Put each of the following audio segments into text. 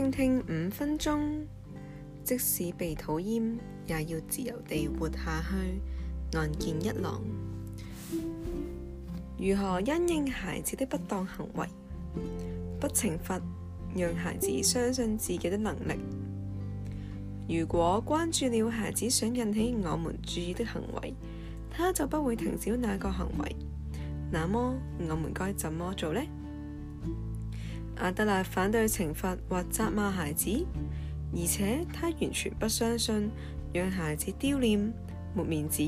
聽聽五分鐘，即使被討厭，也要自由地活下去。岸見一郎。如何因應孩子的不當行為？不懲罰，讓孩子相信自己的能力。如果關注了孩子想引起我們注意的行為，他就不會停止那個行為。那麼，我們該怎麼做呢？阿德勒反對懲罰或責罵孩子，而且他完全不相信讓孩子丟臉、沒面子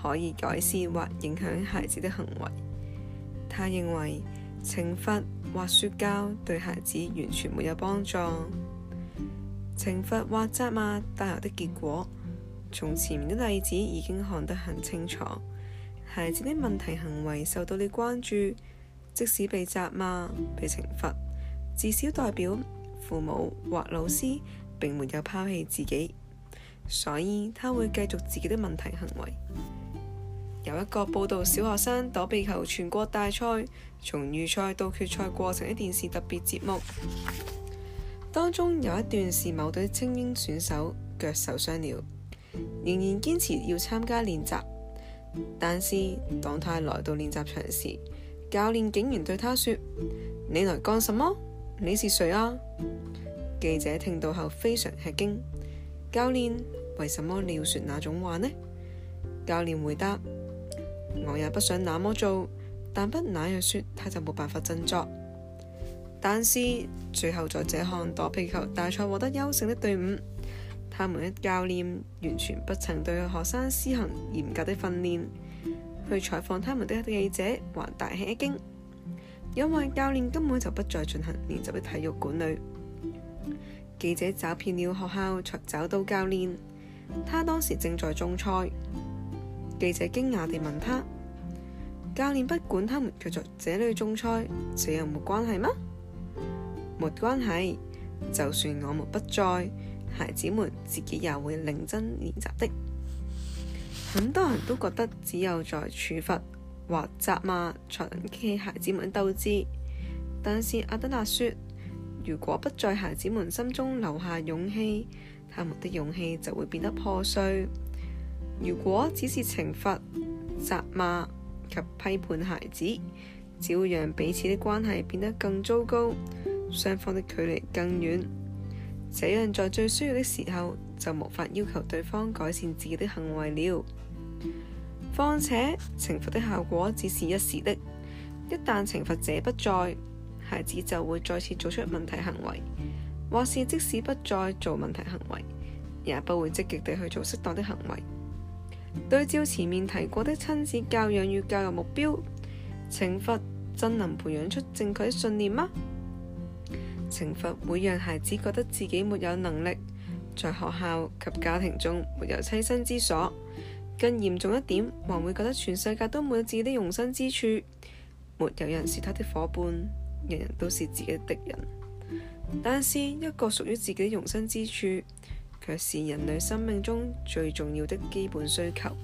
可以改善或影響孩子的行為。他認為懲罰或說教對孩子完全沒有幫助。懲罰或責罵帶來的結果，從前面的例子已經看得很清楚。孩子的問題行為受到了關注，即使被責罵、被懲罰。至少代表父母或老師並沒有拋棄自己，所以他會繼續自己的問題行為。有一個報道，小學生躲避球全國大賽從預賽到決賽過程的電視特別節目當中，有一段是某隊精英選手腳受傷了，仍然堅持要參加練習。但是當他來到練習場時，教練竟然對他說：你來幹什麼？你是誰啊？記者聽到後非常吃驚。教練為什麼要說那種話呢？教練回答：我也不想那麼做，但不那樣說，他就冇辦法振作。但是最後在這項躲避球大賽獲得優勝的隊伍，他們的教練完全不曾對學生施行嚴格的訓練。去採訪他們的記者還大吃一驚。因為教練根本就不再進行練習嘅體育館裡。記者找遍了學校，才找到教練。他當時正在種菜。記者驚訝地問他：教練不管他們卻在這裡種菜，這有冇關係嗎？沒關係，就算我們不在，孩子們自己也會認真練習的。很多人都覺得只有在處罰。或責罵才能激起孩子們的鬥志，但是阿德納說，如果不在孩子們心中留下勇氣，他們的勇氣就會變得破碎。如果只是懲罰、責罵及批判孩子，只會讓彼此的關係變得更糟糕，雙方的距離更遠。這樣在最需要的時候，就無法要求對方改善自己的行為了。況且懲罰的效果只是一時的，一旦懲罰者不在，孩子就會再次做出問題行為，或是即使不再做問題行為，也不會積極地去做適當的行為。對照前面提過的親子教養與教育目標，懲罰真能培養出正確的信念嗎？懲罰會讓孩子覺得自己沒有能力，在學校及家庭中沒有棲身之所。更嚴重一點，還會覺得全世界都沒有自己的容身之處，沒有人是他的夥伴，人人都是自己的敵人。但是，一個屬於自己的容身之處，卻是人類生命中最重要的基本需求。